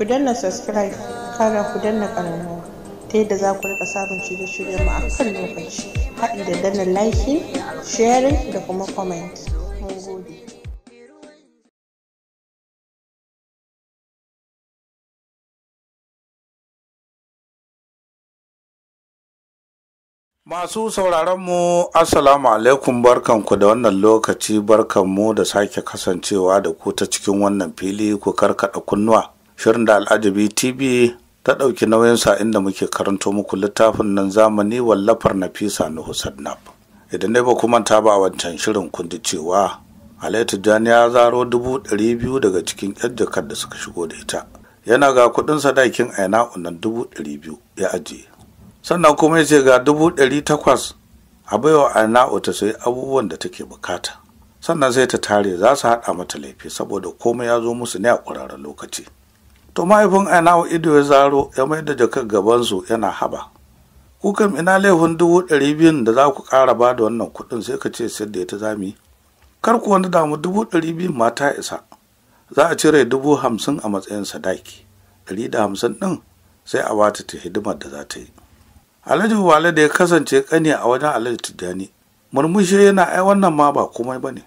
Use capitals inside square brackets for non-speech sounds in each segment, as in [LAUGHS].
ku danna subscribe kara ku danna ƙararrawa ta yadda za ku rika samun shirye shiryen mu a kan lokaci haɗi da danna like sharing da kuma comment mun gode Masu sauraronmu, Assalamu alaikum barkanku da wannan lokaci barkanmu da sake kasancewa da ku ta cikin wannan fili ku karkada kunnuwa. shirin da al'ajabi tv ta ɗauki sa inda muke karanto muku littafin nan zamani wallafar nafisa na sadnab idan dai ba kuma manta ba wancan shirin kundi cewa alayi jan ya zaro dubu ɗari biyu daga cikin yan jakar da suka shigo da ita yana ga kuɗin sadakin aina unan dubu ɗari biyu ya ajiye sannan kuma ya ce ga dubu ɗari takwas a baiwa aina ta sayi abubuwan da take bukata sannan sai ta tare za su haɗa mata laifi saboda komai ya zo musu ne a ƙwararren lokaci to mahaifin ainawa ido ya zaro ya mai da jakar gabansu yana haba kukan ina laifin dubu ɗari biyun da za ku ƙara ba da wannan kuɗin sai ka ce sayar da ya ta zami kar ku wani damu dubu ɗari biyun ma ta isa za a cire dubu hamsin a matsayin sadaki ɗari da hamsin ɗin sai a bata ta hidimar da za ta yi alhaji wale da ya kasance ƙani a wajen alhaji tijjani murmushi yana ai wannan ma ba komai ba ne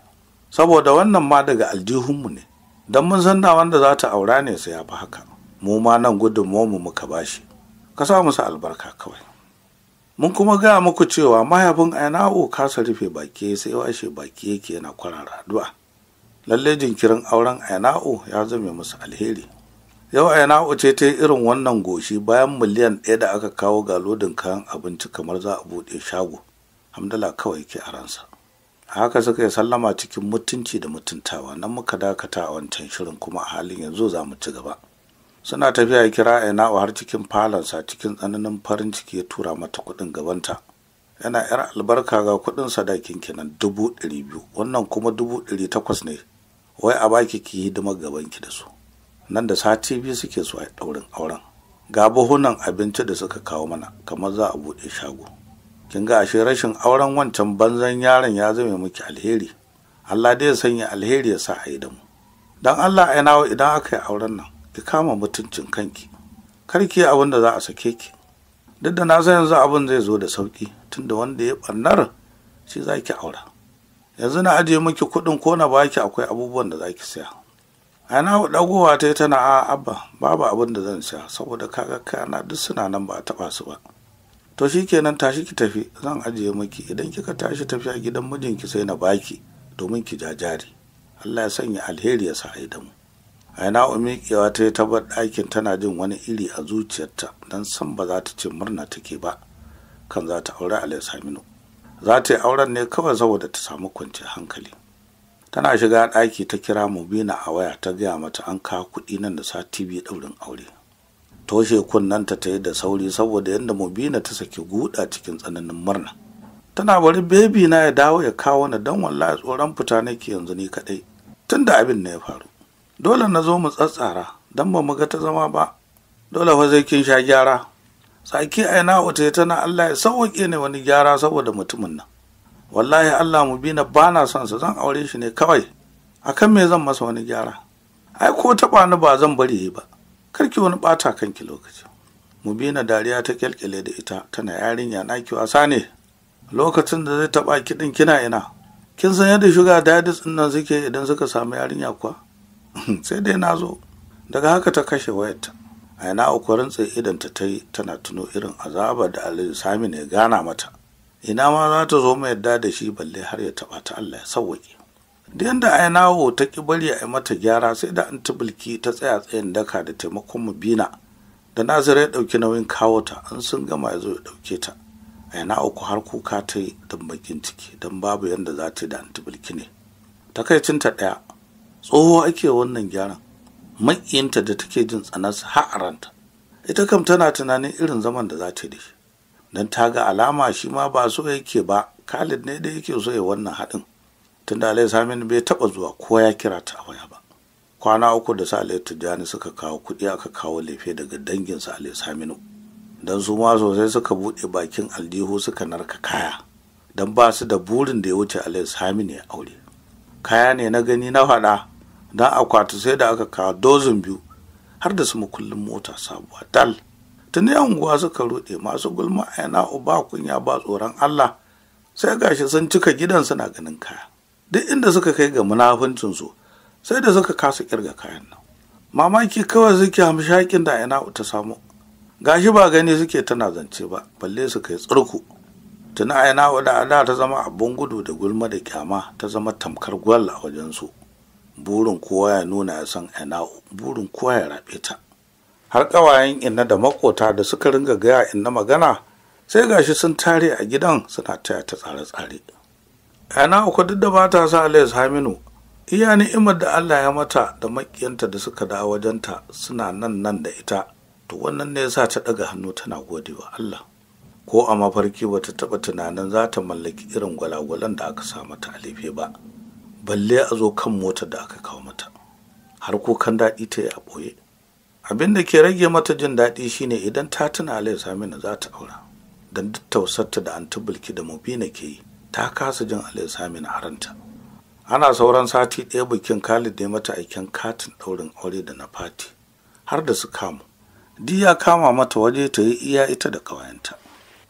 saboda wannan ma daga aljihunmu ne don mun san da wanda za ta aura ne sai ya fi haka mu ma nan gudun mu muka bashi ka sa musu albarka kawai mun kuma gaya muku cewa mahaifin aina'u kasa rufe baki sai washe baki yake yana kwarara. raduwa lalle jinkirin auren aina'u ya zame musu alheri yau aina'u ce ta yi irin wannan goshi bayan miliyan ɗaya da aka kawo ga lodin kayan abinci kamar za a buɗe shago hamdala kawai ke a ransa haka suka yi sallama cikin mutunci da mutuntawa nan muka dakata a wancan shirin kuma a halin yanzu za mu ci gaba suna tafiya ya kira wa har cikin falonsa cikin tsananin farin ciki ya tura mata kuɗin gabanta yana yar albarka ga kuɗin sadakin kenan dubu ɗari biyu wannan kuma dubu ɗari takwas ne wai a baki ki hidimar gabanki da su nan da sati biyu suke so a ɗaurin auren ga buhunan abinci da suka kawo mana kamar za a buɗe shago kin ga ashe rashin auren wancan banzan yaron ya zame miki alheri Allah dai ya sanya alheri ya sa a da mu dan Allah ai nawo idan aka yi auren nan ki kama mutuncin kanki kar ki abin da za a sake ki duk da na san yanzu abin zai zo da sauki tunda wanda ya barnar shi za ki aura yanzu na ajiye miki kuɗin ko na baki akwai abubuwan da za ki saya ana dagowa ta yi tana a abba babu abin da zan saya? saboda kaga kana duk suna nan ba a taɓa su ba to shi kenan tashi ki tafi zan ajiye miki idan kika tashi tafiya gidan mijinki sai na baki domin ki jajari Allah ya sanya alheri ya sa a mu aina umikewa ta yi tabar ɗakin tana jin wani iri a zuciyarta don san ba za ta ce murna take ba kan za ta aure alayhi saminu za ta yi auren ne kawai saboda ta samu kwanciyar hankali tana shiga ɗaki ta kira mubina a waya ta gaya mata an kawo kuɗi nan da sati biyu ɗaurin aure toshe kunnanta ta yi da sauri saboda yadda mubina ta saki guda cikin tsananin murna tana bari bebi na ya dawo ya kawo na dan wallahi tsoron fita nake yanzu ni kadai tunda abin ne ya faru dole na zo mu tsatsara dan ba mu ga ta zama ba dole fa sai kin sha gyara tsaki aina wata tana Allah ya sauke ne wani gyara saboda mutumin nan wallahi Allah mu bina bana son sa zan aure shi ne kawai akan me zan masa wani gyara ai ko taba ni ba zan bari ba karki wani ɓata kanki lokaci Mu mubina dariya ta kyalkyale da ita tana yarinya na ki wasa ne lokacin da zai taɓa ki kina ina kin san yadda shuga dadis din nan suke idan suka samu yarinya kuwa [LAUGHS] sai dai na zo daga haka ta kashe wayarta a yana ukurin tsaye idan ta ta tana tuno irin azaba da alhaji sami ne gana mata ina ma za ta zo mu yadda da shi balle har ya taɓa ta allah ya sauke da yadda ainaho ta ƙi bari a yi mata gyara sai da an tubulki ta tsaya tsayin daka da taimakon mu mubina da nazira ya ɗauki nauyin kawo ta an sun gama ya zo ya ɗauke ta A ina uku har kuka ta yi don bakin ciki don babu yadda za ta yi da an antibulki ne takaicinta ɗaya tsoho ake wannan gyaran maƙiyinta da take jin tsanarsa har ita kam tana tunanin irin zaman da za ta yi don ta ga alama shi ma ba so yake ba khalid ne da yake so ya wannan haɗin tunda Alayhi Saminu bai taɓa zuwa ko ya kira ta waya ba kwana uku da sa Alayhi Tijjani suka kawo kuɗi aka kawo lefe daga danginsa Alayhi Saminu don su ma sosai suka buɗe bakin aljihu suka narka kaya don ba su da burin da ya wuce Alayhi Saminu ya aure kaya ne na gani na faɗa don akwati sai da aka kawo dozin biyu har da su makullin mota sabuwa dal Tun tuni unguwa suka ruɗe masu gulma a yana uba kunya ba tsoron Allah sai gashi sun cika gidan suna ganin kaya duk inda suka kai ga munafuncinsu sai da suka kasa kirga kayan nan mamaki kawai suke hamshakin da ina ta samu gashi ba gani suke tana zance ba balle su kai tsurku tuna ina da ada ta zama abun gudu da gulma da kyama ta zama tamkar gwal a wajensu burin kowa ya nuna ya san ina burin kowa ya rabe ta har ƙawayen inna da makota da suka ringa gaya inna magana sai gashi sun tare a gidan suna taya ta tsare-tsare yana uku duk da bata sa Alex Haminu iya ni'imar da Allah ya mata da makiyanta da suka dawo wajenta suna nan nan da ita to wannan ne yasa ta daga hannu tana godewa Allah ko a mafarki bata taba tunanin za ta mallaki irin gwalagwalan da aka sa mata alife ba balle a zo kan motar da aka kawo mata har kukan daɗi ta yi a ɓoye abin da ke rage mata jin daɗi shine idan ta tuna Alex Haminu za ta aura don duk tausarta da antubulki, da mubina ke yi ta kasa jin alisamin haranta ana sauran sati ɗaya bikin khalid ne mata aikin katin ɗaurin aure da na fati har da su kamu di ya kama mata waje ta yi iya ita da ƙawayenta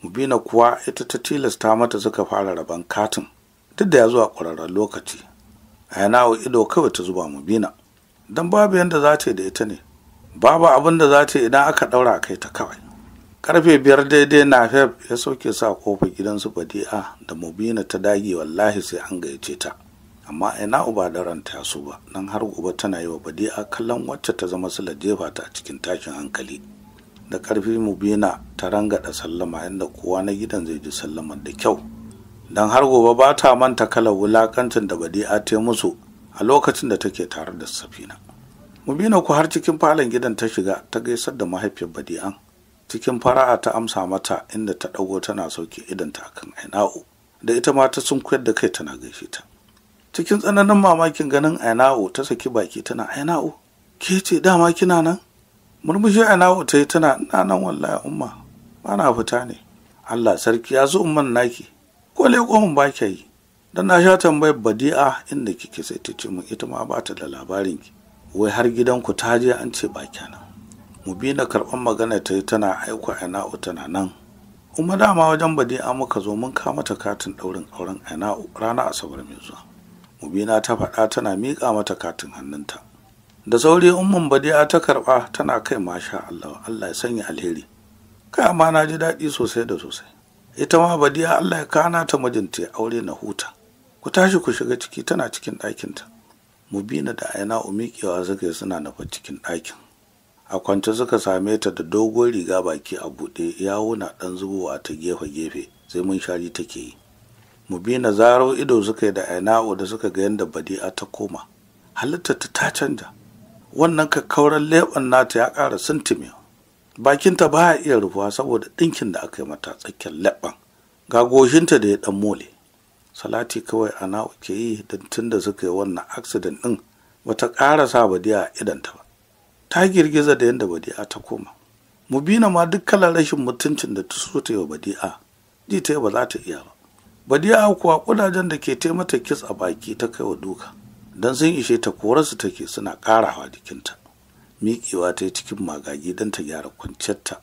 mubina kuwa ita ta tilasta mata suka fara rabon katin duk da ya zuwa ƙwararren lokaci a ainawa ido kawai ta zuba mubina don babu yadda za ta yi da ita ne babu abin da za ta yi idan aka ɗaura kai ta kawai karfe biyar daidai na Feb ya sauke sa kofar gidansu badi'a da mubina ta dage wallahi sai an gayyace ta amma ina uba da ran ta su ba nan har gobe tana yi wa badi'a kallon wacce ta zama su jefa ta a cikin tashin hankali da karfi mubina ta da sallama inda kowa na gidan zai ji sallamar da kyau dan har gobe ba ta manta kalar wulakancin da badi'a ta musu a lokacin da take tare da safina mubina ku har cikin falon gidan ta shiga ta gaisar da mahaifiyar badi'an cikin fara'a ta amsa mata inda ta ɗago tana sauke ta akan aina'u da ita ma ta sunkuyar da kai tana gaishe ta cikin tsananin mamakin ganin aina'u ta saki baki tana aina'u ke ce dama kina nan murmushi aina'u ta yi tana na nan wallahi umma Bana fita ne allah sarki ya zo umman naki ko leƙon ba ki yi dan na sha tambayar badi'a inda kike sai ta ce mun ita ma ba ta da labarin ki wai har gidanku ta je an ce ba kenan Mu bi na karɓar magana ta yi tana aiko a na'u tana nan kuma dama wajen bade an muka zo mun kama ta katin ɗaurin auren na'u rana asabar mai zuwa mu na ta faɗa tana miƙa mata katin hannunta da sauri umman badi'a ta karɓa tana kai masha Allah Allah ya sanya alheri kai amma na ji daɗi sosai da sosai ita ma badi'a Allah ya kana ta mijinta ya aure na huta ku tashi ku shiga ciki tana cikin ɗakinta Mu bi na da na'u miƙewa suka suna nafa cikin ɗakin a kwance suka same ta da dogon riga baki a buɗe yawo na ɗan zubowa ta gefe-gefe sai mun shari take yi Mu bi na zaro ido suka yi da aina'u da suka ga yadda a ta koma halittar ta ta canja wannan kakkauran leɓen nata ya ƙara sintimi. bakinta ba ya iya rufuwa saboda ɗinkin da aka yi mata tsakiyar leɓen ga goshinta da ya ɗan mole salati kawai ana ke yi don tun da suka yi wannan accident ɗin bata ƙara sa a idanta ba ta girgiza da yadda badi'a ta koma Mu mubina ma duk kalar rashin mutuncin da ta so ta yi wa badi'a ji ta yi ba za ta iya ba badi'a kuwa kudajen da ke taimata kis a baki ta kai wa duka don sun ishe ta korarsu take suna karawa jikinta miƙewa ta yi cikin magagi don ta gyara kwanciyarta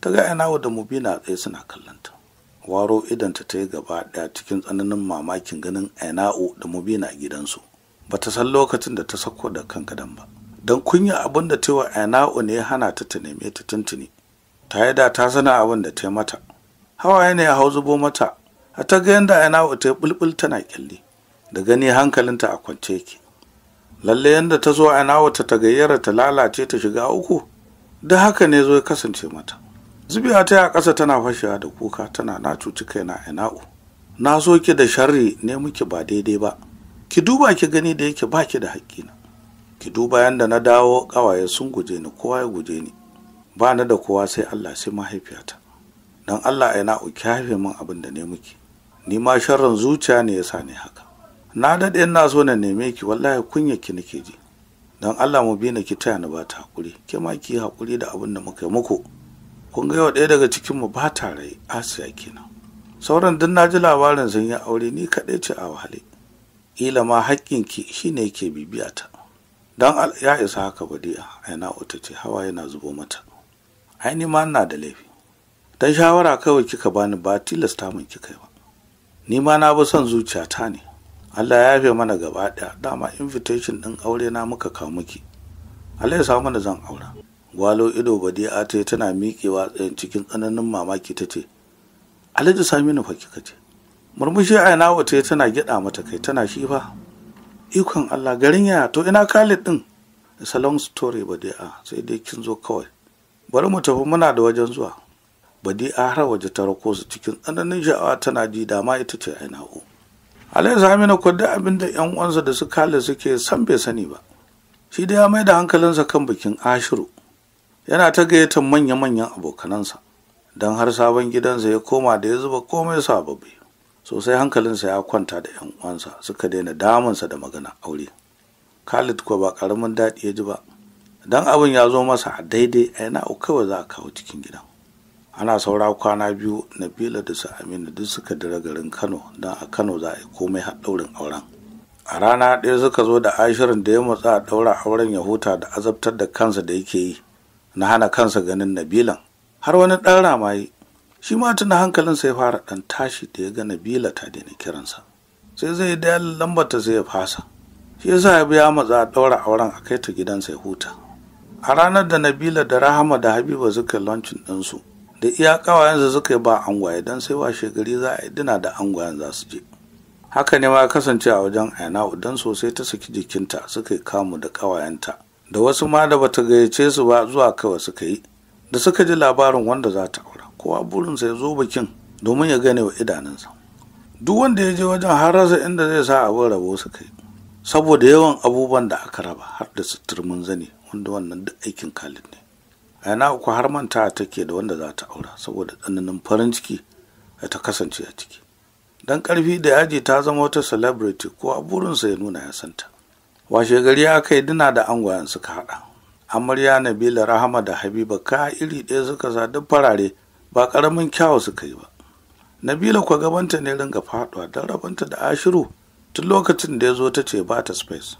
ta ga ina da mubina tsaye suna kallonta waro idanta ta yi gaba ɗaya cikin tsananin mamakin ganin aina'u da mubina gidansu ba ta san lokacin da ta sako da kan gadon ba don kunya abin da ta wa ne ya hana ta ta neme ta tuntuni ta yi da ta sana abin da ta yi mata hawaye ne ya hau zubo mata a ta ga yadda ana'u ta yi bulbul tana kyalli da gani hankalinta a kwance yake lalle yadda ta zo aina'u ta ta gayyara ta lalace ta shiga uku da haka ne zo ya kasance mata zubiya ta yi a ƙasa tana fashewa da kuka tana na cuci kaina na so ki da sharri ne muke ba daidai ba ki duba ki gani da yake ba ki da na. ki duba yanda na dawo ƙawaye sun guje ni kowa ya guje ni ba ni da kowa sai Allah sai mahaifiyata dan Allah ai na uki haife min abin da ne muke ni ma sharrin zuciya ne yasa ne haka na dade ina so na neme ki wallahi kunya ki nake ji dan Allah mu bi na ki taya ni ba ta hakuri ke ma ki hakuri da abin da muka muku kun ga yau ɗaya daga cikin mu ba ta rai Asiya kenan sauran duk naji labarin sun yi aure ni kaɗai ce a wahale ila ma haƙƙinki shine yake bibiya ta. don ya isa haka badi'a aina uta ce hawa yana zubo mata aini ma ina da laifi dan shawara kawai kika bani ba tilasta min kika yi ba ni ma na bi son zuciyata ne Allah ya yafe mana gaba ɗaya dama invitation ɗin aure na muka kawo miki Allah ya samu mana zan aura gwalo ido badi'a ta yi tana miƙewa tsayin cikin tsananin mamaki ta ce Alhaji Saminu fa kika ce murmushi aina wata tana gida mata kai tana shi fa ikon Allah garin yaya to ina Khalid din it's a long story badi'a sai dai kin zo kawai bari mu tafi muna da wajen zuwa badi'a har waje ta rako su cikin tsananin sha'awa tana ji ma ita ce aina o. alai zamina ko da abin da yan uwansa da su kale suke san bai sani ba shi da ya mai da hankalinsa kan bikin Ashiru yana ta gayyatar manya-manyan abokanansa don har sabon gidansa ya koma da ya zuba komai sababbi sosai hankalinsa ya kwanta da yan uwansa suka daina damunsa da magana aure khalid kuwa ba karamin daɗi ya ji ba dan abin ya zo masa a daidai a yana kawai za a kawo cikin gidan ana saura kwana biyu na nabila da su aminu duk suka dira garin kano don a kano za a yi komai har ɗaurin auren a rana ɗaya suka zo da ashirin da ya matsa a ɗaura auren ya huta da azabtar da kansa da yake yi na hana kansa ganin nabilan har wani ɗan ramayi shi ma tuna hankalin ya fara ɗan tashi da ya ga nabila ta daina kiransa sai zai da lambar ta zai fasa shi yasa ya biya maza a ɗaura auren a kai ta gidansa ya huta a ranar da nabila da rahama da habiba suka launcin ɗinsu da iya kawayensa suka yi ba angwaye don sai washe gari za a yi dina da angwayen za su je haka ne ma ya kasance a wajen aina udan sosai ta saki jikinta suka yi kamu da ƙawayenta da wasu ma da bata gayyace su ba zuwa kawai suka yi da suka ji labarin wanda za ta aure kowa burinsa ya zo bikin domin ya gane wa idanunsa duk wanda ya je wajen har rasa inda zai sa abin rabo su kai saboda yawan abubuwan da aka raba har da suturmin zane wanda wannan duk aikin kalin ne A yana uku har manta take da wanda za ta aura saboda tsananin farin ciki da ta kasance a ciki dan karfi da yaji ta zama wata celebrity ko burinsa ya nuna ya santa washe gari aka yi dina da angwayen suka haɗa amarya nabila rahama da habiba ka iri ɗaya suka sa duk farare ba ƙaramin kyawu suka yi ba nabila kwa gabanta ne ringa faɗuwa don rabanta da ashiru tun lokacin da ya zo ta ce ba ta space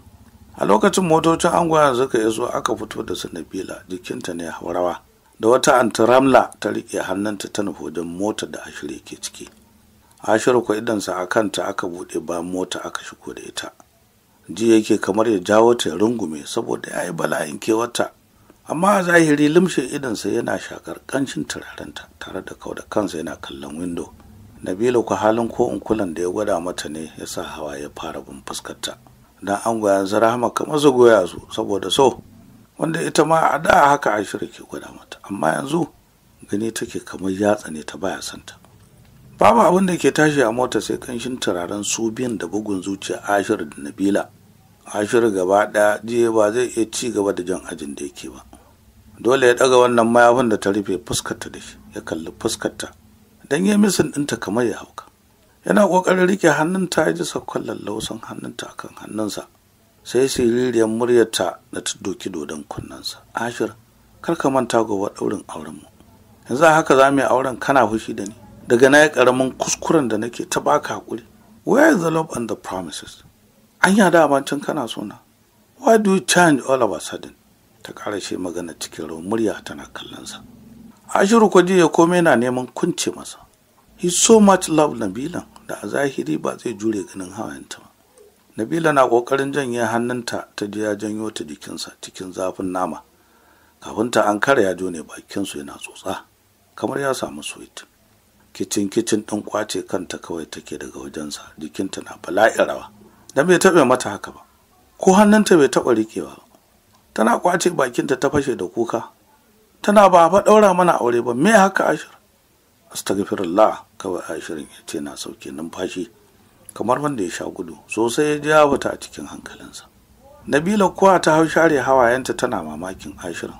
a lokacin motocin angwayen suka zo aka fito da su nabila jikinta ne rawa da wata antiramla ta riƙe hannunta ta nufi wajen mota da ashiru ke ciki ashiru kwa idansa a kanta aka buɗe bayan mota aka shigo da ita ji yake kamar ya jawo ta ya rungume saboda ya yi bala'in kewarta amma a zahiri limshe idonsa yana shakar kancin turarenta tare da kau da kansa yana kallon windo nabila ku halin ko unkulan da ya gwada mata ne ya sa hawa ya fara bin fuskarta dan an goya hama kamar goya su saboda so wanda ita ma a da haka shirya ke gwada mata amma yanzu gani take kamar yatsa ne ta baya santa babu abin da ke tashi a mota sai kanshin turaren su biyan da bugun zuciya ashir da nabila ashir gaba ɗaya jiya ba zai iya ci gaba da jan ajin da yake ba dole ya ɗaga wannan mayafin da ta rufe fuskarta da shi ya kalli fuskarta don ya misin ɗinta kamar ya hauka yana ƙoƙarin rike hannun ya ji sakkon lallausan hannunta akan hannunsa sai siririyar muryarta da ta doki dodon kunnensa ashir kar ka manta gobe ɗaurin mu yanzu haka za mu yi auren kana fushi da ni daga na yi ƙaramin kuskuren da nake ta baka haƙuri where is the love and the promises an yada abincin kana sona why do you change all of a sudden ta ƙara shi magana cikin rawar murya tana sa. ashiru kwaji ya komai na neman kunce masa he so much love nabila da a zahiri ba zai jure ganin hawayenta ba nabila na ƙoƙarin janye hannunta ta ji ya janyo ta jikinsa cikin zafin nama kafin ta an kare ya jone bakinsu yana tsotsa kamar ya samu sweet kicin kicin ɗin kwace kanta kawai take daga wajensa jikinta na bala'i rawa dan bai taɓa mata haka ba ko hannunta bai taɓa riƙewa ba tana kwace bakinta ta fashe da kuka tana ba fa daura mana aure ba me haka ashir astaghfirullah kawai ashirin ya na sauke numfashi kamar wanda ya sha gudu sosai ya ja fita a cikin hankalinsa nabila kuwa ta hau share hawayenta tana mamakin ashirin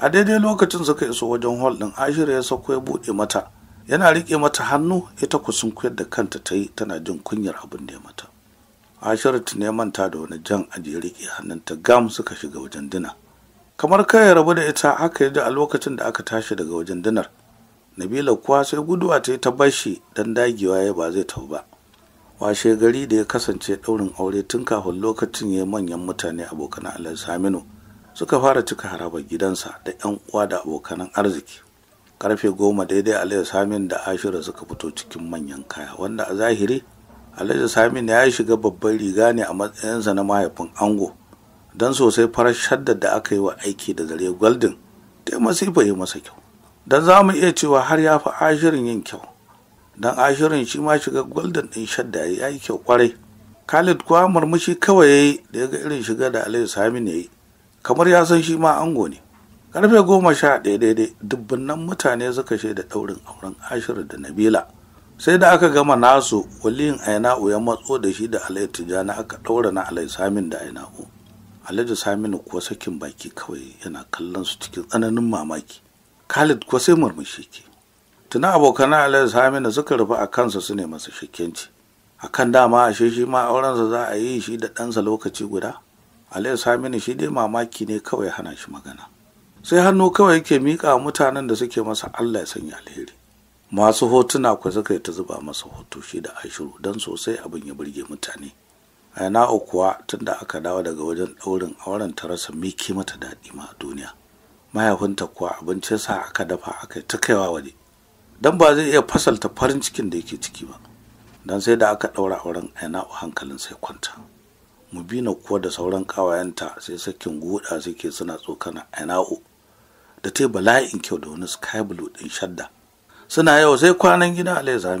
a daidai lokacin suka iso wajen hall ɗin ashir ya sauko ya buɗe mata yana rike mata hannu ita kusun kuyar da kanta ta yi tana jin kunyar abin da ya mata asharat ne manta da wani jan ajiye riƙe hannunta gam suka shiga wajen dina kamar kai ya rabu da ita haka ya ji a lokacin da aka tashi daga wajen dinar nabila kuwa sai guduwa ta yi ta bashi don dagewa ya ba zai tafi ba washe gari da ya kasance ɗaurin aure tun kafin lokacin ya manyan mutane abokan Saminu, suka fara cika harabar gidansa da yan uwa da abokanan arziki karfe goma daidai Saminu da ashira suka fito cikin manyan kaya wanda a zahiri alhaji Saminu ya shiga babban riga ne a matsayinsa na mahaifin ango don sosai farar shaddar da aka yi wa aiki da zare gwaldin ta yi masifa yi masa kyau don za mu iya cewa har ya fi ashirin yin kyau don ashirin shi ma shiga gwaldin ɗin shadda ya yi kyau kwarai khalid kuwa murmushi kawai ya yi da ya ga irin shiga da alhaji Saminu ya yi kamar ya san shi ma ango ne karfe goma sha ɗaya daidai dubbunan mutane suka shaida ɗaurin auren ashirin da nabila sai da aka gama nasu waliyin aina'u ya matso da shi da alayi tijjani aka ɗaura na alayi samin da aina'u alhaji saminu kuwa sakin baki kawai yana kallon su cikin tsananin mamaki khalid kuwa sai murmushi ke tuna abokan alayi saminu suka rufe a kansa su ne masa shakkenci akan dama ashe shi ma aurensa za a yi shi da ɗansa lokaci guda alayi saminu shi dai mamaki ne kawai hana shi magana sai hannu kawai yake miƙa mutanen da suke masa allah ya sanya alheri masu hotuna ku suka yi ta zuba masa hoto shi da ashiru don sosai abin ya birge mutane aina kuwa tunda aka dawo daga wajen ɗaurin auren ta rasa miki mata daɗi ma duniya mahaifinta kuwa abinci sa aka dafa aka ta kaiwa waje don ba zai iya fasalta farin cikin da yake ciki ba don sai da aka ɗaura auren aina hankalin sai kwanta Mu mubina kuwa da sauran ƙawayenta sai sakin guda suke suna tsokana aina. da ta bala'in kyau da wani sky blue ɗin shadda suna yau sai kwanan gida alai A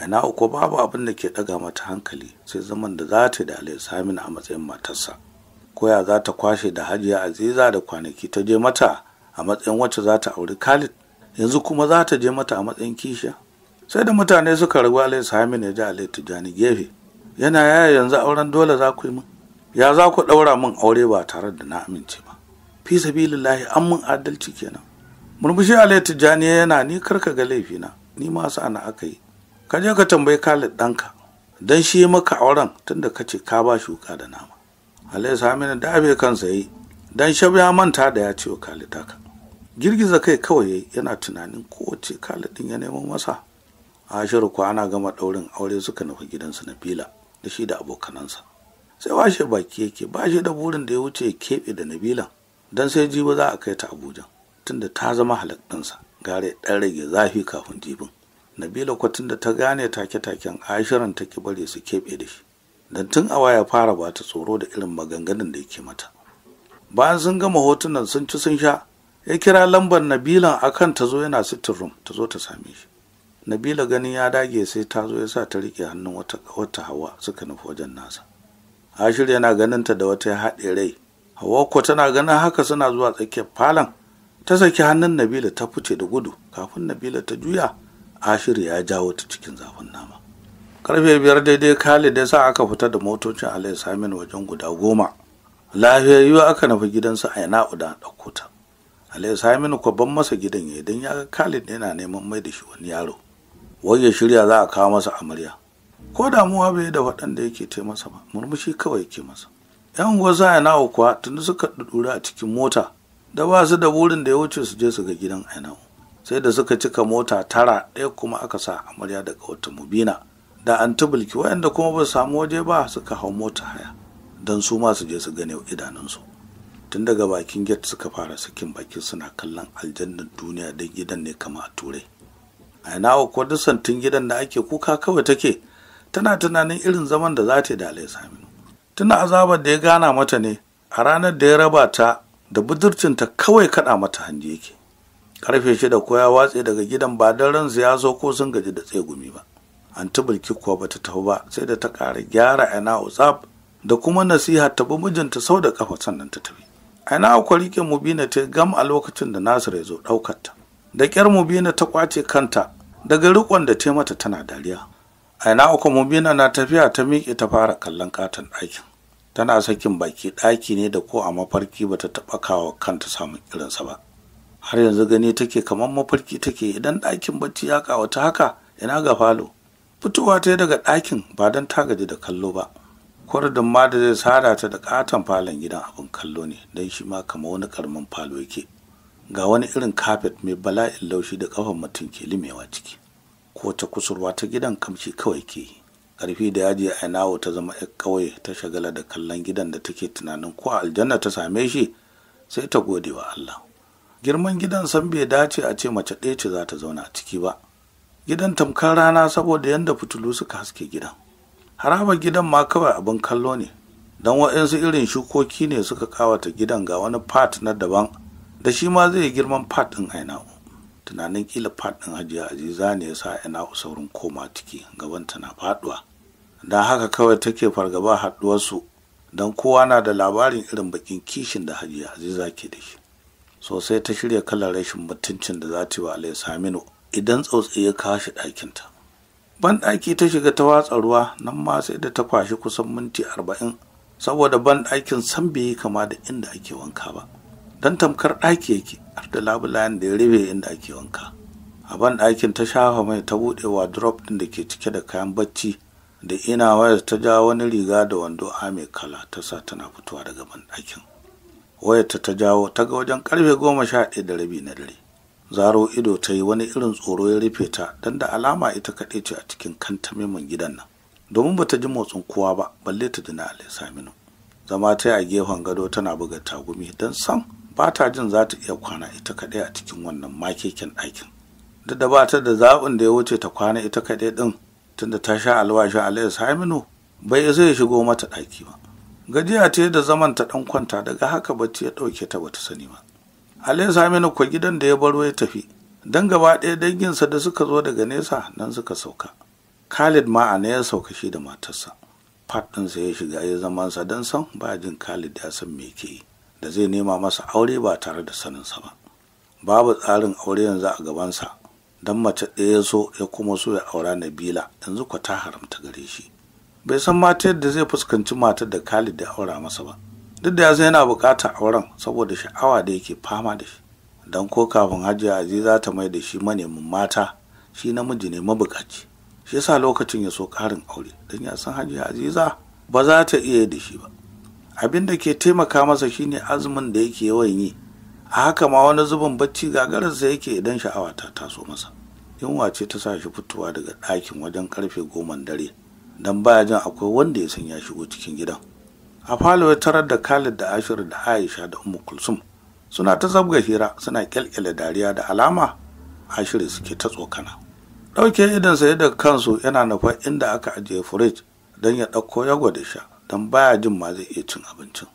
aina uku babu abin da ke ɗaga mata hankali sai zaman da za ta da alai a matsayin matarsa koya za ta kwashe da hajiya aziza da kwanaki ta je mata a matsayin wacce za ta auri khalid yanzu kuma za ta je mata a matsayin kishiya sai da mutane suka ragu alai zaminu ya ji alai tijjani gefe yana yaya yanzu auren dole za ku yi min ya za ku ɗaura min aure ba tare da na amince ba fi sabilillahi an mun adalci kenan murmushi alayi tijjani yana ni karka ga laifina ni ma ana aka yi ka je ka tambayi Khalid ɗanka don shi maka auren tunda ka ce ka ba shuka da nama alayi samina dabe kansa yi don shab ya manta da ya ce wa Khalid haka girgiza kai kawai yana tunanin kowace Khalid ɗin ya nemo masa ashiru ko ana gama ɗaurin aure suka nufi gidansa na fila da shi da abokanansa sai washe baki yake ba shi da burin da ya wuce ya keɓe da nabila don sai jibi za a kai ta abuja tunda ta zama halittunsa gare ɗan rage zafi kafin jibin nabila kwatin da ta gane take-taken ashirin ta bari su keɓe da shi don tun awa ya fara ba ta tsoro da irin maganganun da yake mata bayan sun gama hotunan sun ci sun sha ya kira lambar nabilan akan ta zo yana sitin rum ta zo ta same shi nabila ganin ya dage sai ta zo ya sa ta riƙe hannun wata wata hawa suka nufi wajen nasa ashir yana ganin ta da wata ya haɗe rai hawa ko tana ganin haka suna zuwa tsakiyar falon ta saki hannun nabila ta fice da gudu kafin nabila ta juya ashir ya jawo ta cikin zafin nama karfe biyar daidai khalid ya sa aka fita da motocin alayhi samin wajen guda goma lafiyayyu aka nufi gidansa a yana uda ɗauko ta alayhi samin kwaban masa gidan ya idan ya ga khalid yana neman mai da shi wani yaro wai ya shirya za a kawo masa amarya ko damuwa bai da waɗanda yake ce masa ba murmushi kawai yake masa yan uwa za a kuwa tuni suka ɗuɗɗura a cikin mota da ba su da burin da ya wuce su je su ga gidan aina. sai da suka cika mota tara ɗaya kuma aka sa amarya daga wata mubina da an tubulki waɗanda kuma ba su samu waje ba suka hau mota haya don su ma su je su gane idanunsu tun daga bakin Get suka fara sakin baki suna kallon aljannan duniya da gidan ne kama a turai a ina duk santin gidan da ake kuka kawai take tana tunanin irin zaman da za ta yi da alai saminu tuna azabar da ya gana mata ne a ranar da ya raba ta da budurcinta kawai kaɗa mata hanji yake karfe shida ko ya watse daga gidan ba don ransa ya zo ko sun gaji da tsegumi ba An bilki kuwa bata tafi ba sai da ta ƙara gyara ana utsaf da kuma nasiha ta bi mijinta sau da kafa sannan ta tafi ana kuwa rike mubina ta gam a lokacin da nasir ya zo ɗaukar ta da ƙyar mubina ta kwace kanta daga rikon da ta yi mata tana dariya ana kwa mubina na tafiya ta miƙe ta fara kallon katon ɗakin tana sakin baki ɗaki ne da ko a mafarki bata taɓa kawo kanta samun irinsa ba har yanzu gani take kamar mafarki take idan ɗakin bacci ya kawata haka ina ga falo fitowa ta daga ɗakin ba don ta gaji da kallo ba kwarudin ma da zai sada ta da katon falon gidan abin kallo ne don shi ma kamar wani karamin falo yake ga wani irin kafet mai bala'in laushi da kafan mutum ke limewa ciki ko ta kusurwa ta gidan kamshi kawai ke yi ƙarfi da yaji a nawo ta zama yar kauye ta shagala da kallon gidan da take tunanin ko aljanna ta same shi sai ta gode wa Allah girman gidan san bai dace a ce mace ɗaya ce za ta zauna a ciki ba gidan tamkar rana saboda yadda fitilu suka haske gidan harabar gidan ma kawai abin kallo ne Dan waɗansu irin shukoki ne suka kawata gidan ga wani fat na daban da shi ma zai girman fat ɗin aina'u tunanin kila fat ɗin hajiya aziza ne ya sa ina saurin koma ciki gaban tana faɗuwa don haka kawai take fargaba haɗuwarsu don kowa na da labarin irin bakin kishin da hajiya zai ke da shi sosai ta shirya kalar rashin mutuncin da za ta yi wa idan tsautsayi ya kashi ɗakinta ban ɗaki ta shiga ta watsa ruwa nan ma sai da ta kwashi kusan minti arba'in saboda ban ɗakin san bai yi kama da inda ake wanka ba don tamkar ɗaki yake har da labulayen da ya rufe inda ake wanka a ban ɗakin ta shafa mai ta buɗe wa drop ɗin da ke cike da kayan bacci da ina wayar ta ja wani riga da wando a mai kala ta sa tana fitowa daga banɗakin wayar ta ta jawo ta ga wajen karfe goma sha ɗaya da rabi na dare zaro ido ta yi wani irin tsoro ya rufe ta don da alama ita kaɗai ce a cikin kanta meman gidan nan domin ba ta ji motsin kowa ba balle ta ji na saminu zama ta yi a gefen gado tana buga tagumi don san ba ta jin za ta iya kwana ita kaɗai a cikin wannan makeken ɗakin duk da ba ta da zaɓin da ya wuce ta kwana ita kaɗai ɗin tunda ta sha alwashin Alhaji Saminu bai zai shigo mata ɗaki ba. Gajiya ta da zaman ta ɗan kwanta daga haka bacci ya ɗauke ta bata sani ba. Alhaji Saminu kwa gidan da ya baro ya tafi dan gaba ɗaya danginsa da suka zo daga nesa nan suka sauka. Khalid ma a ya sauka shi da matarsa. Fat din sa ya shiga ya zaman sa dan san ba jin Khalid ya san me ke yi da zai nema masa aure ba tare da saninsa ba. Babu tsarin aure yanzu a gabansa don mace ɗaya ya so ya kuma so ya aura nabila yanzu kwa ta haramta gare shi bai san mata yadda zai fuskanci matar da khalid ya aura masa ba duk da ya yana buƙatar auren saboda sha'awa da yake fama da shi don ko kafin hajiya aziza ta mai da shi manemin mata shi namiji ne mabukaci shi yasa lokacin ya so ƙarin aure don ya san hajiya aziza ba za ta iya da shi ba abin da ke taimaka masa shine azumin da yake yawan yi a haka ma wani zubin bacci gagararsa yake idan sha'awa ta taso masa yunwa ce ta sa shi fitowa daga ɗakin wajen karfe goman dare don baya jin akwai wanda ya sanya shigo cikin gidan a falo ya tarar da khalid da ashir da aisha da Umu kulsum suna ta zabga hira suna kyalkyale dariya da alama ashir suke ta tsokana ɗauke idansa ya daga kansu yana nufa inda aka ajiye firij don ya ɗauko yagwa da sha don baya jin ma zai iya cin abincin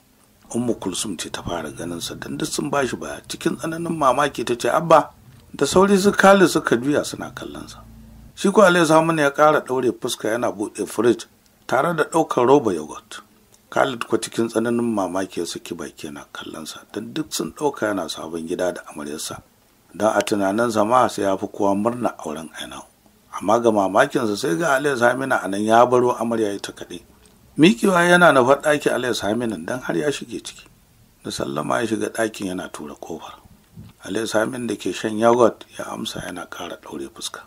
ummu kulsum ce ta fara ganin sa dan duk sun bashi baya cikin tsananin mamaki ta ce abba da sauri su kale suka juya suna kallon sa shi ko alai ya ƙara ɗaure fuska yana bude firij tare da ɗaukar roba yogurt Khalid kwa cikin tsananin mamaki ya saki baki yana kallon sa dan duk sun ɗauka yana sabon gida da amaryarsa dan a tunanin Zama sai ya fi kowa murna auren aina amma ga mamakinsa sai ga alai samina anan ya baro amarya ita kaɗai mikewa yana nufar ɗaki alayas haminin don har ya shige ciki da sallama ya shiga ɗakin yana tura kofar alayas samin da ke shan yogurt ya amsa yana ƙara ɗaure fuska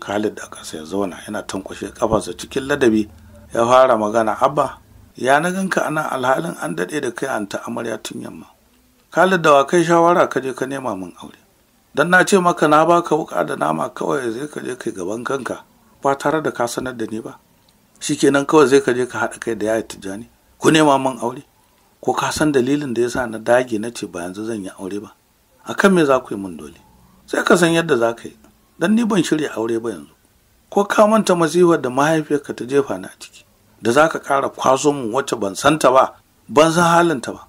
khalid da ƙasa ya zauna yana tankwashe ƙafarsa cikin ladabi ya fara magana abba ya na ganka a alhalin an daɗe da kai an ta amarya tun yamma khalid da wa kai shawara ka je ka nema min aure Don na ce maka na baka wuƙa da nama kawai zai ka je kai gaban kanka ba tare da ka sanar da ni ba shikenan kawai zai ka je ka haɗa kai da yaya tijjani ku nema man aure ko ka san dalilin da yasa na dage na ce ba yanzu zan yi aure ba akan me za ku yi min dole sai ka san yadda za ka yi dan ni ban shirya aure ba yanzu ko ka manta masifar da mahaifiyarka ta jefa ni a ciki da za ka ƙara kwaso min wacce ban san ta ba ban san ta ba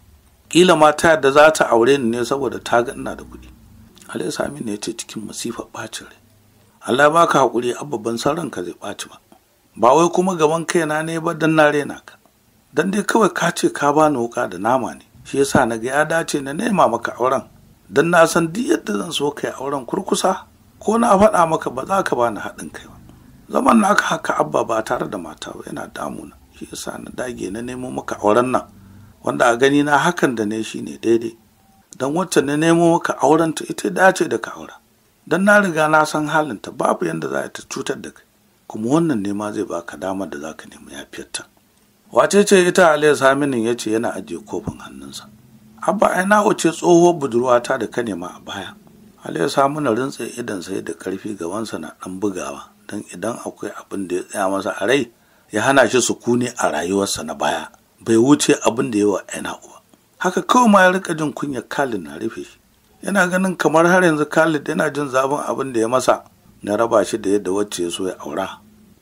kila ma ta yadda za ta aure ni ne saboda ta ga ina da kuɗi alai sami ne ya ce cikin masifar ɓacin rai Allah baka haƙuri abba ban san ranka zai ɓaci ba ba wai kuma gaban kaina ne ba dan na rena ka dan dai kawai ka ce ka bani wuka da nama ne shi yasa na ga ya dace na nema maka auren dan na san duk yadda zan so kai auren kurkusa ko na faɗa maka ba za ka ba ni haɗin kai ba zaman naka haka abba ba tare da mata ba yana damuna shi yasa na dage na nemo maka auren nan wanda a gani na hakan da ne shine daidai dan wacce na nemo maka auren ta ita dace da ka aura dan na riga na san halinta babu yadda za ta cutar da kai kuma wannan nema zai baka dama da zaka nemi yafiyarta wace ce ita aliyu saminin ya ce yana ajiye kofin hannunsa abba ai na wuce tsohuwar budurwata da ka nema a baya aliyu saminin rintse idan sai da karfi gabansa na dan bugawa don idan akwai abin da ya tsaya masa a rai ya hana shi sukuni a rayuwarsa na baya bai wuce abin da ya yawa aina uba haka kawai ma ya rika jin kunya kalin na rufe shi yana ganin kamar har yanzu Khalid yana jin zafin abin da ya masa na raba shi da yadda wacce ya so ya aura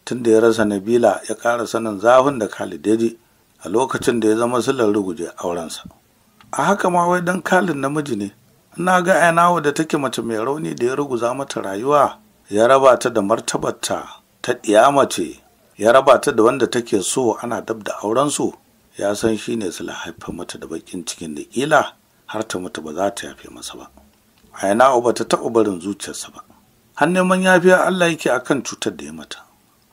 tun da ya rasa nabila ya ƙara sanin zafin da khalid ya ji a lokacin da ya zama silar ruguje aurensa a haka ma wai dan kalin namiji ne ina ga ainawa da take mace mai rauni da ya ruguza mata rayuwa ya raba ta da martabarta ta ɗiya mace ya raba ta da wanda take so ana dab da aurensu ya san shi ne su haifa mata da bakin cikin da ƙila har ta mutu ba za ta yafe masa ba ainawa ba ta taɓa barin zuciyarsa ba har neman yafiya Allah yake akan cutar da ya mata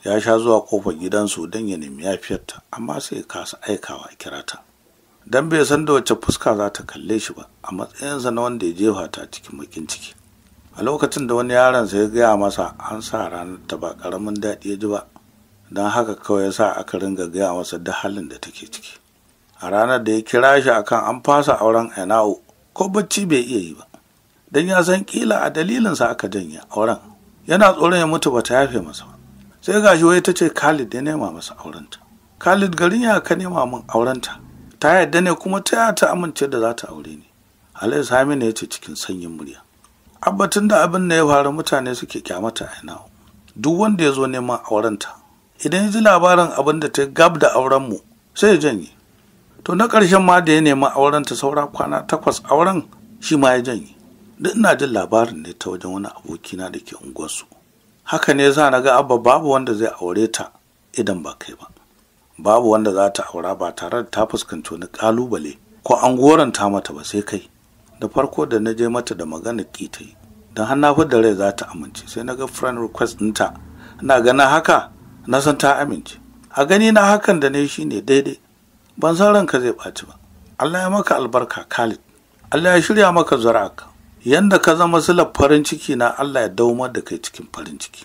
ya sha zuwa kofar gidansu don ya nemi yafiyarta amma sai ya kasa aikawa a kirata. ta don bai san da wacce fuska za ta kalle shi ba a matsayinsa na wanda ya jefa ta cikin makin ciki a lokacin da wani yaronsa ya gaya masa an sa ranar ta ba karamin daɗi ya ji ba don haka kawai ya sa aka ringa gaya masa duk halin da take ciki a ranar da ya kira shi akan an fasa auren ainao ko bacci bai iya yi ba don ya san kila a dalilinsa aka janye auren yana tsoron ya mutu bata yafe masa ba. sai gashi wai ta ce khalid ya nema masa aurenta khalid garin ya ka nema min aurenta ta yadda ne kuma ta ta amince da za ta aure ni Halis Hamina ya ce cikin sanyin murya. Abbatun da abin da ya faru mutane suke kyamata a yana. Duk wanda ya zo neman aurenta, idan ya ji labarin abin da ta gab da aurenmu sai ya janye. To na ƙarshen ma da ya nema aurenta saura kwana takwas auren shi ma ya janye. duk ina jin labarin ne ta wajen wani abokina da ke unguwarsu haka ne za na ga abba babu wanda zai aure ta idan ba kai ba babu wanda za ta aura ba tare da ta fuskanci wani kalubale ko an goranta mata ba sai kai da farko da na je mata da magana ki ta yi don har na da rai za ta amince sai na ga friend request ɗinta na ganin haka na san ta amince a gani na hakan da ne shine daidai ban san ranka zai ɓaci ba Allah ya maka albarka Khalid Allah ya shirya maka zuri'arka yadda ka zama silar farin ciki na Allah ya daumar da kai cikin farin ciki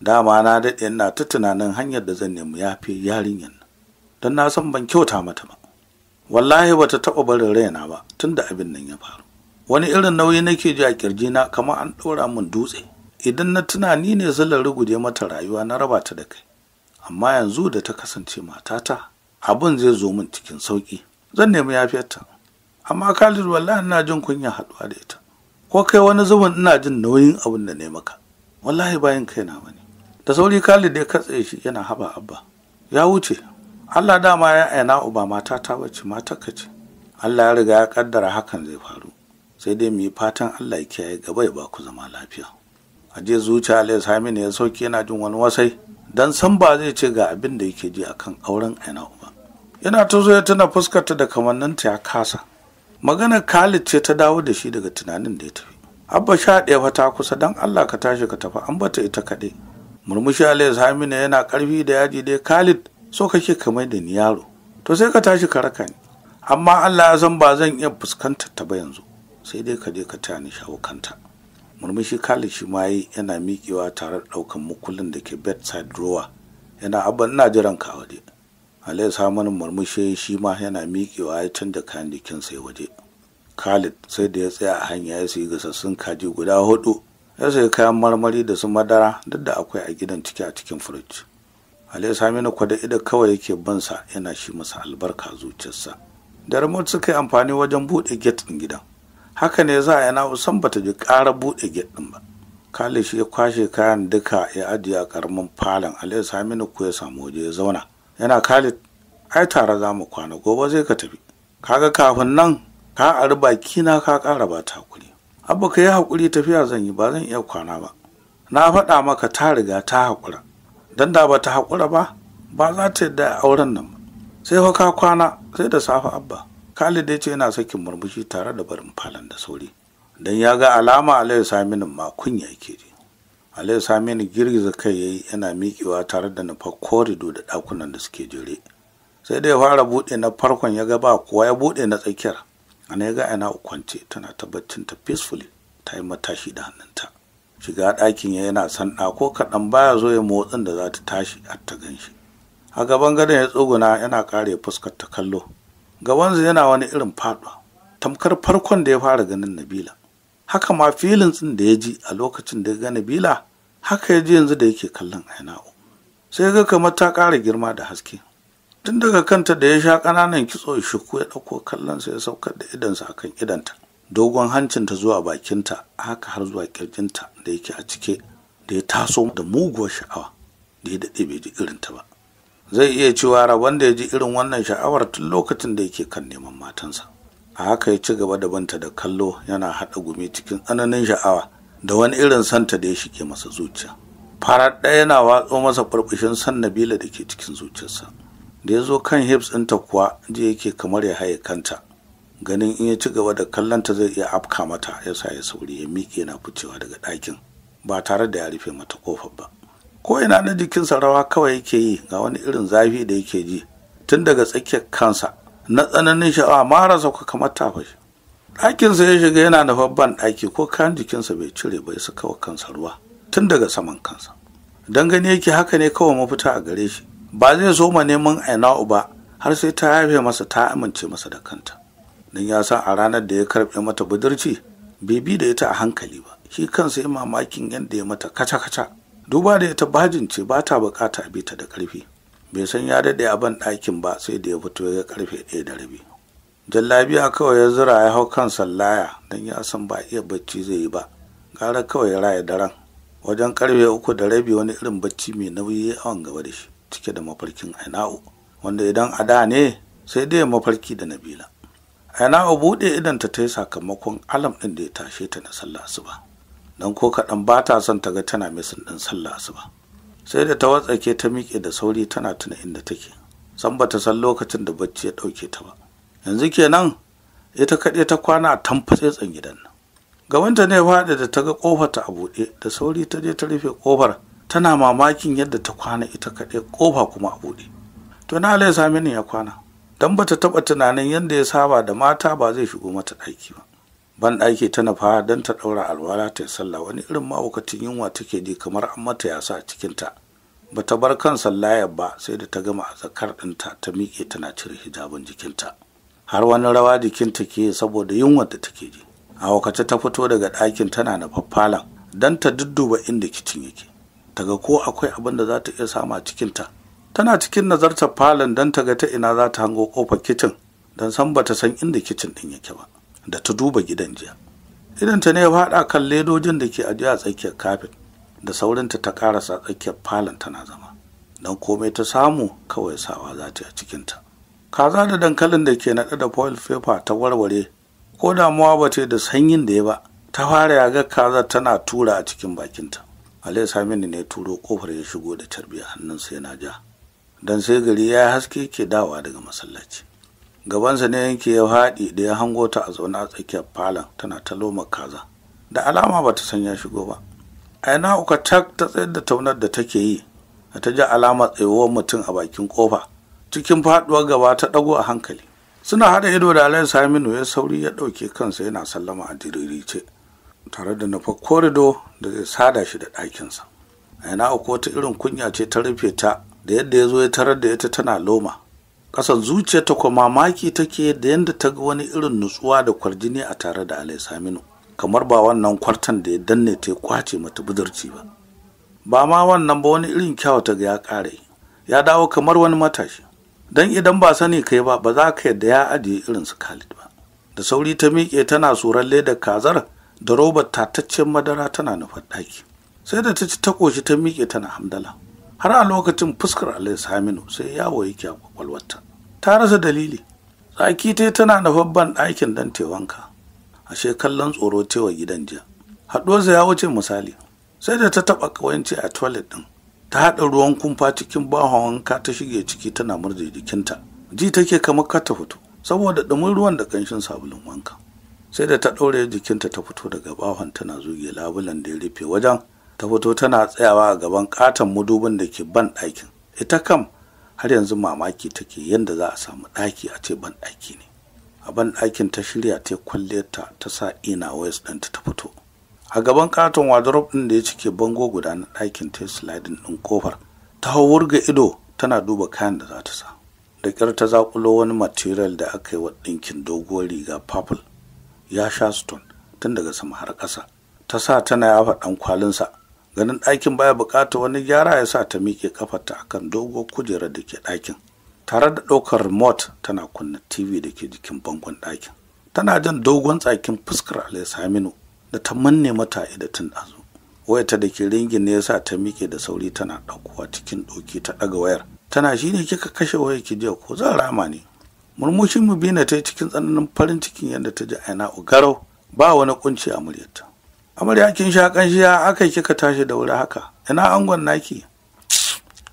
dama na daɗe ina ta tunanin hanyar da zan nemi yafi yarinyar nan don na san ban kyauta mata ba wallahi bata taɓa barin raina ba tun da abin nan ya faru wani irin nauyi nake ji a na kamar an ɗora min dutse idan na tuna ni ne zallar ruguje mata rayuwa na raba ta da kai amma yanzu da ta kasance matata abin zai zo min cikin sauƙi zan nemi yafiyarta amma Khalid wallahi ina jin kunya haɗuwa da ita ko kai wani zubin ina jin nauyin abin da ne maka wallahi bayan kai na bane da sauri Khalid ya katse shi yana haba abba ya wuce Allah dama ya aina uba mata ta bace mata kace Allah ya riga ya kaddara hakan zai faru sai dai mu yi fatan Allah ya kiyaye gaba ya ba ku zama lafiya a je zuciya Alayhi Saminu ya sauke yana jin wani wasai dan san ba zai ce ga abin da yake ji akan auren aina uba yana ta zo ya tuna fuskarta da kamanninta ya kasa maganar khalid ce ta dawo da shi daga tunanin da ya tafi abba sha ɗaya fa ta kusa don allah ka tashi ka tafi an bata ita kaɗai murmushi alayhis hamina yana ƙarfi da yaji dai khalid so kake kamar da ni yaro to sai ka tashi ka raka ni amma allah ya san ba zan iya fuskantar ta ba yanzu sai dai ka je ka taya ni shawo kanta murmushi khalid shi ma yi yana miƙewa tare da ɗaukan mukulin da ke bedside drawer yana abba ina jiran ka waje Alayyar Samanin murmushi shi ma yana miƙewa ya canza kayan jikinsa ya waje. Khalid sai da ya tsaya a hanya ya sayi gasassun kaji guda hudu ya sayi kayan marmari da su madara duk da akwai a gidan ciki a cikin firij. Alayyar Saminu kwada ida kawai yake bansa yana shi masa albarka zuciyarsa. Da suka yi amfani wajen buɗe gate ɗin gidan. Haka ne za a yana usan bata ji ƙara buɗe gate ɗin ba. Khalid shi ya kwashe kayan duka ya ajiye a ƙaramin falon Alayyar Saminu ko ya samu waje ya zauna. yana Khalid ai tare za mu kwana gobe zai ka tafi kaga kafin nan ka ari baki na ka kara ba ta hakuri abba ka yi hakuri tafiya zan yi ba zan iya kwana ba na faɗa maka ta riga ta hakura dan da ba ta hakura ba ba za ta yadda auren nan sai fa ka kwana sai da safe abba Khalid ya ce yana sakin murmushi tare da barin falon da sauri dan ya ga alama Alayhi Saminin ma kunya ke ji Aliyu Saminu girgiza kai ya yi yana miƙewa tare da nufar korido da ɗakunan da suke jere. Sai da ya fara buɗe na farkon ya ga ba kuwa ya buɗe na tsakiyar. Ana ya ga ana kwance tana ta ta peacefully ta yi matashi da hannunta. Shiga ɗakin ya yana san ko kaɗan baya zo ya motsin da za ta tashi har ta gan shi. A gaban gadon ya tsuguna yana ƙare fuskar ta kallo. Gabansa yana wani irin faɗuwa. Tamkar farkon da ya fara ganin Nabila. Haka ma filin tsin da ya ji a lokacin da ya ga Nabila haka ya ji yanzu da yake kallon uku, sai ga kamar ta ƙara girma da haske tun daga kanta da ya sha ƙananan kitso shuku ya ɗauko kallon sai ya saukar da idansa a kan idanta dogon hancinta zuwa bakinta haka har zuwa ƙirjinta da yake a cike da ya taso da muguwar sha'awa da ya daɗe bai ji irinta ba zai iya cewa rabon da ya ji irin wannan sha'awar tun lokacin da yake kan neman matansa a haka ya ci gaba da banta da kallo yana haɗa gumi cikin tsananin sha'awa da wani irin santa da ya shige masa zuciya farar ɗaya yana watsa masa barbashin san nabila da ke cikin zuciyarsa da ya zo kan hips ɗinta kuwa ji yake kamar ya haye kanta ganin in ya ci gaba da kallonta zai iya afka mata ya sa ya sauri ya miƙe yana ficewa daga ɗakin ba tare da ya rufe mata ƙofar ba ko ina na jikinsa rawa kawai yake yi ga wani irin zafi da yake ji tun daga tsakiyar kansa na tsananin sha'awa marasa kuka kamar tafashi ɗakinsa ya shiga yana da babban ɗaki ko kayan jikinsa bai cire bai saka wa kansa ruwa tun daga saman kansa don gani yake haka ne kawai mafita a gare shi ba zai so ma neman aina'u ba har sai ta yafe masa ta amince masa da kanta don ya san a ranar da ya karɓe mata budurci bai bi da ita a hankali ba shi kansa ya mamakin yadda ya mata kaca-kaca duba da ita bajin ce ba ta bukata a bi ta da karfi bai san ya daɗe a ban ɗakin ba sai da ya fito ya karfe ɗaya da rabi jallabiya kawai ya zura ya hau kan sallaya don ya san ba iya bacci zai yi ba gara kawai ya raya daren wajen karfe uku da rabi wani irin bacci mai nauyi ya awon gaba da shi cike da mafarkin aina'u wanda idan a da ne sai dai mafarki da nabila aina'u buɗe idan ta ta yi sakamakon alam ɗin da ya tashe ta na sallah asuba don ko kaɗan ba ta son ta ga tana misin ɗin sallah asuba sai da ta watsake ta miƙe da sauri tana tuna inda take san ba ta san lokacin da bacci ya ɗauke ta ba yanzu kenan ita kaɗai ta kwana a tamfatsetsen gidan nan gabanta ne faɗi da ta ga ƙofar ta a buɗe da sauri ta je ta rufe ƙofar tana mamakin yadda ta kwana ita kaɗai ƙofa kuma a buɗe to na alai saminu ya kwana don bata taɓa tunanin yadda ya saba da mata ba zai shigo mata ɗaki ba ban ɗaki ta nufa don ta ɗaura alwala ta yi sallah wani irin mahaukacin yunwa take ji kamar an mata yasa a cikinta ba ta bar kan sallayar ba sai da ta gama a zakar ɗinta ta miƙe tana cire hijabin jikinta har wani rawa jikinta ke saboda yunwar da take ji a ta fito daga ɗakin tana na faffalan don ta dudduba inda kicin yake ta ga ko akwai abin da za ta iya sama a ta tana cikin nazartar falon don ta ga ta ina za ta hango kofar kicin don san bata san inda kicin ɗin yake ba da ta duba gidan jiya idan ta ne ya faɗa kan ledojin da ke ajiya a tsakiyar kafin da saurinta ta karasa tsakiyar falon tana zama don komai ta samu kawai sawa za ta yi a cikinta kaza da dankalin da ke naɗe da foil paper ta warware ko damuwa ba ta da sanyin da ya ba ta fara yaga kaza tana tura a cikin bakinta alai saminu ne turo kofar ya shigo da tarbiyya, hannun sai na ja don sai gari ya haske ke dawa daga masallaci gabansa ne yanke ya haɗi da ya hango ta a zaune a tsakiyar falon tana ta loma kaza da alama ba ta san ya shigo ba a yana uka tak ta tsayar da taunar da take yi ta ji alama tsayuwar mutum a bakin kofa cikin faduwar gaba ta dago a hankali suna haɗa ido da alai saminu ya sauri ya ɗauke kansa yana sallama a ce. tare da nufa korido da zai sada shi da ɗakinsa a yana uku wata irin kunya ce ta rufe ta da yadda ya zo ya tarar da ita tana loma ƙasan zuciya ta kuma mamaki take da yadda ta ga wani irin nutsuwa da kwarjini a tare da alai saminu kamar ba wannan kwartan da ya danne ta kwace mata budurci ba ba ma wannan ba wani irin kyawata ga ya ƙare ya dawo kamar wani matashi don idan ba sani kai ba ba za ka yadda ya ajiye irin su khalid ba da sauri ta miƙe tana tsoron leda kazar da robar tataccen madara tana nufar ɗaki sai da ta ci ta ƙoshi ta miƙe tana hamdala har a lokacin fuskar alayhis Saminu sai yawo yake a kwakwalwarta ta rasa dalili tsaki ta tana nufar ban ɗakin don tewanka ashe kallon tsoro tewa gidan jiya haɗuwarsa ya wuce misali sai da ta taɓa ƙawance a toilet ɗin ta haɗa ruwan kumfa cikin bahon wanka ta shige ciki tana murje jikinta ji take kamar ka ta fito saboda ɗumin ruwan da ƙanshin sabulun wanka sai da ta ɗaure jikinta ta fito daga bahon tana zuge labulan da ya rufe wajen ta fito tana tsayawa a gaban katon mudubin da ke ban ɗakin ita kam har yanzu mamaki take yadda za a samu ɗaki a ce ban ɗaki ne a ban ɗakin ta shirya ta kwalliyarta ta sa ina wayas ɗinta ta fito a gaban katon wardrobe ɗin da ya cike bango guda na ɗakin ta slidin ɗin kofar ta hau wurga ido tana duba kayan da za ta sa da ƙyar ta zaƙulo wani material da aka yi wa ɗinkin doguwar riga purple ya sha stone tun daga sama har ƙasa ta sa tana yafa ɗan kwalinsa ganin ɗakin baya buƙata wani gyara ya sa ta miƙe kafarta akan doguwar kujerar da ke ɗakin tare da ɗaukar remote tana kunna tv da ke jikin bangon ɗakin tana jan dogon tsakin fuskar alai saminu da ta manne mata idatun tun ɗazu wayarta da ke ringin ne yasa ta miƙe da sauri tana ɗaukowa cikin ɗoki ta ɗaga wayar tana shine kika kashe wayar ki jiya ko zan rama ne murmushin mu bina ta yi cikin tsananin farin cikin yadda ta ji aina ugarau ba wani kunci a muryarta amarya kin sha kanshi ya aka kika tashi da wuri haka ina angon naki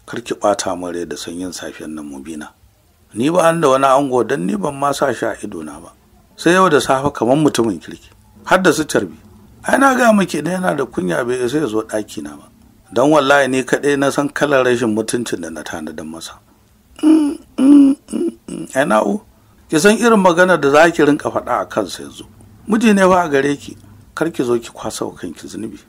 kar ki bata min rai da sanyin safiyar nan mubina ni ba an da wani ango dan ni ban ma sa sha ido na ba sai yau da safe kamar mutumin kirki har da su tarbi ai na ga miki da yana da kunya bai sai ya zo ɗaki na ba Dan wallahi ne kadai na san kalar rashin mutuncin da na da masa mm, mm, mm, ai u ki san irin maganar da zaki rinka faɗa a kansa yanzu miji ne ba a gare ki kar ki zo ki kwasa wa kanki zunubi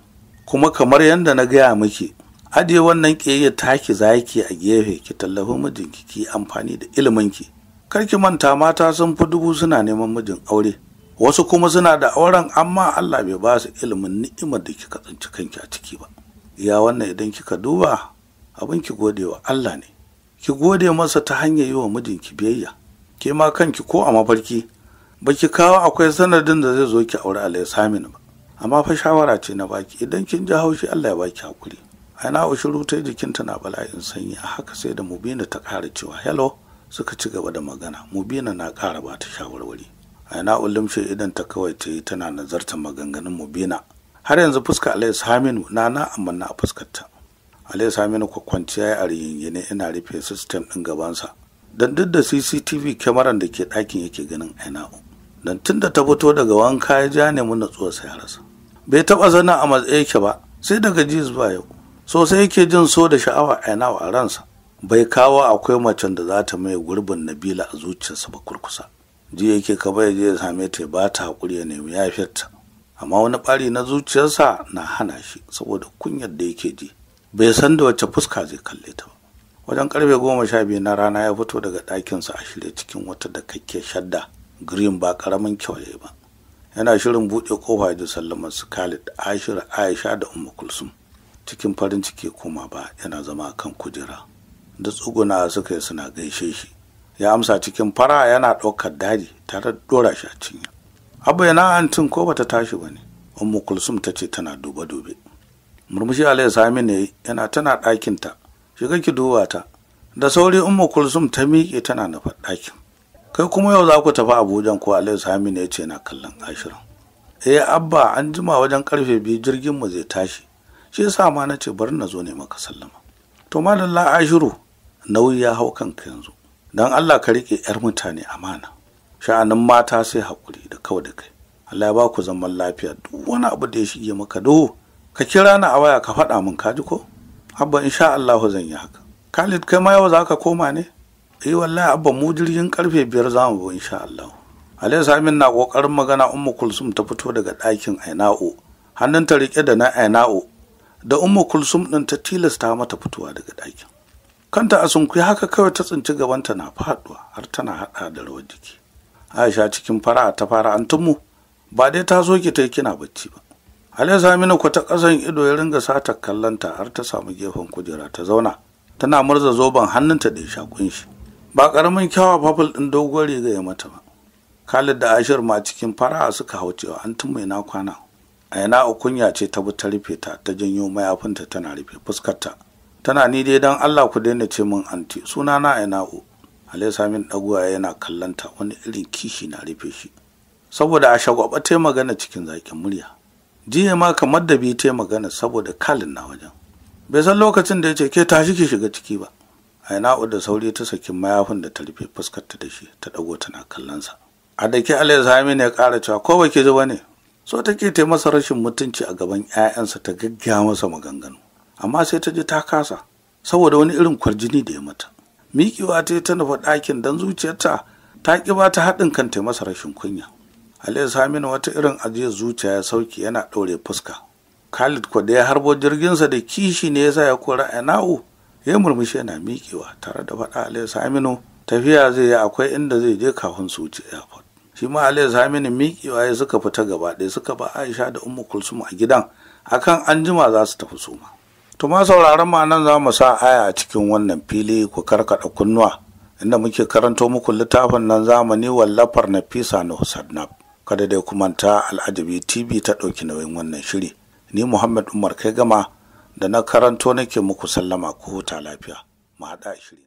kuma kamar yadda na gaya miki ajiye wannan keye taki zaki a gefe ki tallafi mijinki ki amfani da iliminki kar ki manta mata sun fi dubu suna neman mijin aure wasu kuma suna da auren amma Allah bai ba su ilimin ni'imar da kika tsinci kanki a ciki ba ya wannan idan kika duba abin ki gode wa Allah ne ki gode masa ta hanyar yi wa mijinki biyayya ke ma kanki ko a mafarki ba ki kawo akwai sanadin da zai zo ki aure a ya sami ba amma fa shawara ce na baki idan kin ji haushi Allah ya baki hakuri ana ushuru ta jikinta na bala'in sanyi a haka sai da mubina ta ƙara cewa hello suka ci gaba da magana mubina na ƙara ba ta shawarwari aina ulimshe idan ta kawai ta yi tana nazartar maganganun mubina har yanzu fuska alayhis haminu na na amanna a fuskarta alayhis haminu kwa kwanciya ya rigingine ina rufe sistem ɗin gabansa don duk da cctv kyamaran da ke ɗakin yake ganin ina don tun da ta fito daga wanka ya ja ne mun natsuwa sai rasa bai taɓa zana a matsayi ke ba sai daga jis ba yau sosai yake jin so da sha'awa aina'u a ransa bai kawo akwai macen da za ta maye gurbin nabila a zuciyarsa ba kurkusa ji yake kaba ya je ya same ta ba ta hakuri ya nemi ya yafiyarta amma wani ɓari na zuciyarsa na hana shi saboda kunyar da yake ji bai san da wacce fuska zai kalle ta ba wajen karfe goma sha biyu na rana ya fito daga ɗakinsa a shirye cikin wata da kakke shadda green ba karamin kyau ba yana shirin buɗe kofa da sallamar su khalid ashira aisha da umma kulsum cikin farin ciki kuma ba yana zama kan kujera da tsuguna suka yi suna gaishe shi ya amsa cikin fara yana ɗaukar daji tare da ɗora shi a cinya abu yana antin ko bata tashi ba ne ummu kulsum ta ce tana duba dube murmushi alayhi sami ne yana tana ɗakinta shiga ki duba ta da sauri ummu kulsum ta miƙe tana nufa ɗakin kai kuma yau za ku tafi abuja ko alayhi sami ne ya ce yana kallon ashirin eh abba an jima wajen karfe biyu jirgin mu zai tashi shi yasa ma na ce bari na zo ne maka sallama to malalla ashiru nauyi ya hau kanka yanzu don allah ka rike 'yar mutane amana sha'anin mata sai haƙuri da kawai da kai allah ya ba ku zaman lafiya duk wani abu da ya shige maka duhu ka kira ni a waya ka faɗa min ka ji ko abba insha allah zan yi haka khalid kai ma yau za ka koma ne eh wallahi abba mu jirgin karfe biyar za mu bi insha allah alayhi na ƙoƙarin magana ummu kulsum ta fito daga ɗakin aina'u ta riƙe da na aina'u da ummu kulsum ɗin ta tilasta mata fitowa daga ɗakin kanta a sunkuyi haka kawai ta tsinci gabanta na faduwa har tana hada da rawar jiki aisha cikin fara'a ta fara an ba dai ta zo ki ta kina bacci ba halin zamina ku ta ƙasan ido ya ringa sata kallanta har ta samu gefen kujera ta zauna tana murza zoben hannunta da ya sha kunshi ba ƙaramin kyawa fafil ɗin doguwar riga ya mata ba Khalid da Ashir ma cikin fara'a suka hau cewa an mai na kwana a ina Ukunya ce ta bi ta rufe ta ta janyo mayafinta tana rufe fuskarta tana ni dai don allah ku daina ce min anti suna na aina'u alai samin ɗaguwa yana kallanta wani irin kishi na rufe shi saboda a shagwaba ta magana cikin zaƙin murya jiya ma kamar da biyu ta magana saboda kalin na wajen bai san lokacin da ya ce ke tashi ki shiga ciki ba ina'u da sauri ta saki mayafin da ta rufe fuskarta da shi ta ɗago tana sa. a dake ke alai samin ya ƙara cewa ko ba ki ba ne so take ta masa rashin mutunci a gaban 'ya'yansa ta gaggya masa maganganu amma sai ta ji ta kasa saboda wani irin kwarjini da ya mata miƙewa ta yi ta nufa ɗakin don zuciyarta ta ƙi ba ta haɗin kan ta masa rashin kunya Aliyu Saminu wata irin ajiyar zuciya ya sauki yana ɗaure fuska Khalid kwa da ya harbo jirgin sa da kishi ne yasa ya kora a na'u ya murmushi yana miƙewa tare da faɗa Aliyu Saminu tafiya zai yi akwai inda zai je kafin su wuce airport shi ma Aliyu Saminu miƙewa ya suka fita gaba ɗaya suka ba Aisha da Ummu Kulsum a gidan akan anjima za su tafi suma Tuma sauraron ma nan za mu sa aya a cikin wannan fili ku karkaɗa kunnuwa inda muke karanto muku littafin nan zamani wallafar Nafisa na Sadnab. Kada dai ku manta Al'ajabi TV ta ɗauki nauyin wannan shiri. Ni Muhammad Umar kai gama da na karanto nake muku sallama ku huta lafiya. Mu haɗa shiri.